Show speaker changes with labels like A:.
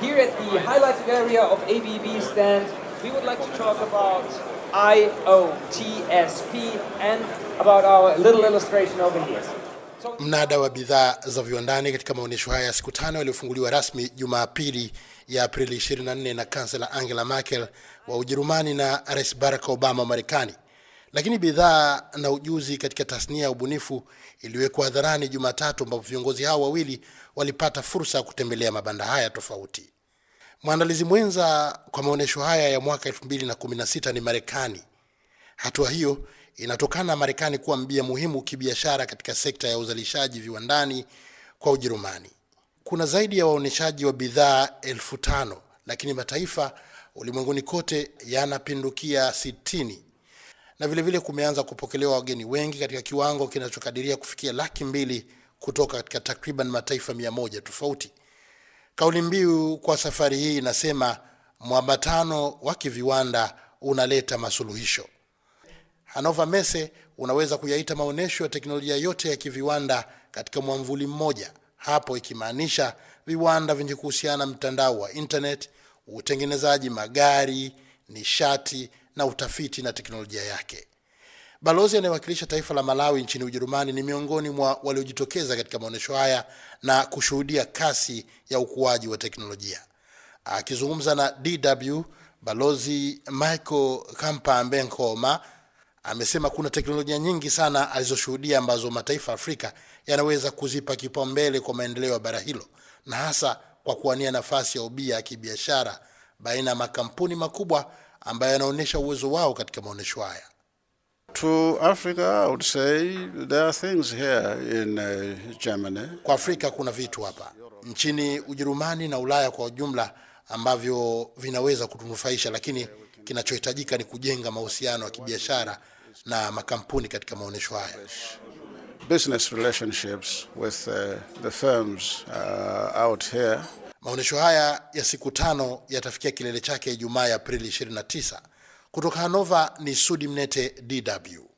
A: Here at the highlighted area of ABB stand,
B: we would like to talk about
A: IOTSP and about our little illustration over here. Mnada wa bidhaa za viwandani katika maonyesho haya ya siku tano yaliyofunguliwa rasmi Jumapili ya Aprili 24 na kansela Angela Merkel wa Ujerumani na Rais Barack Obama wa Marekani. Lakini bidhaa na ujuzi katika tasnia ya ubunifu iliwekwa hadharani Jumatatu, ambapo viongozi hao wawili walipata fursa ya kutembelea mabanda haya tofauti. Mwandalizi mwenza kwa maonyesho haya ya mwaka 2016 ni Marekani. Hatua hiyo inatokana na Marekani kuwa mbia muhimu kibiashara katika sekta ya uzalishaji viwandani kwa Ujerumani. Kuna zaidi ya waonyeshaji wa bidhaa elfu tano lakini mataifa ulimwenguni kote yanapindukia sitini na vilevile vile kumeanza kupokelewa wageni wengi katika kiwango kinachokadiria kufikia laki mbili kutoka katika takriban mataifa mia moja tofauti. Kauli mbiu kwa safari hii inasema mwambatano wa kiviwanda unaleta masuluhisho. Hanova Mese unaweza kuyaita maonyesho ya teknolojia yote ya kiviwanda katika mwamvuli mmoja, hapo ikimaanisha viwanda vyenye kuhusiana mtandao wa internet, utengenezaji magari, nishati na utafiti na teknolojia yake. Balozi anayewakilisha taifa la Malawi nchini Ujerumani ni miongoni mwa waliojitokeza katika maonyesho haya na kushuhudia kasi ya ukuaji wa teknolojia. Akizungumza na DW, Balozi Michael Kampa Nkoma amesema kuna teknolojia nyingi sana alizoshuhudia ambazo mataifa ya Afrika yanaweza kuzipa kipaumbele kwa maendeleo ya bara hilo na hasa kwa kuwania nafasi ya ubia ya kibiashara baina ya makampuni makubwa ambayo yanaonyesha uwezo wao katika maonyesho haya.
B: To Africa, I would say there are things here
A: in uh, Germany. Kwa Afrika kuna vitu hapa nchini Ujerumani na Ulaya kwa ujumla ambavyo vinaweza kutunufaisha, lakini kinachohitajika ni kujenga mahusiano ya kibiashara na makampuni katika maonyesho haya.
B: Business relationships with uh, the firms uh, out here.
A: Maonyesho haya ya siku tano yatafikia kilele chake Ijumaa ya Aprili 29. Kutoka Hanova ni Sudi Mnete, DW.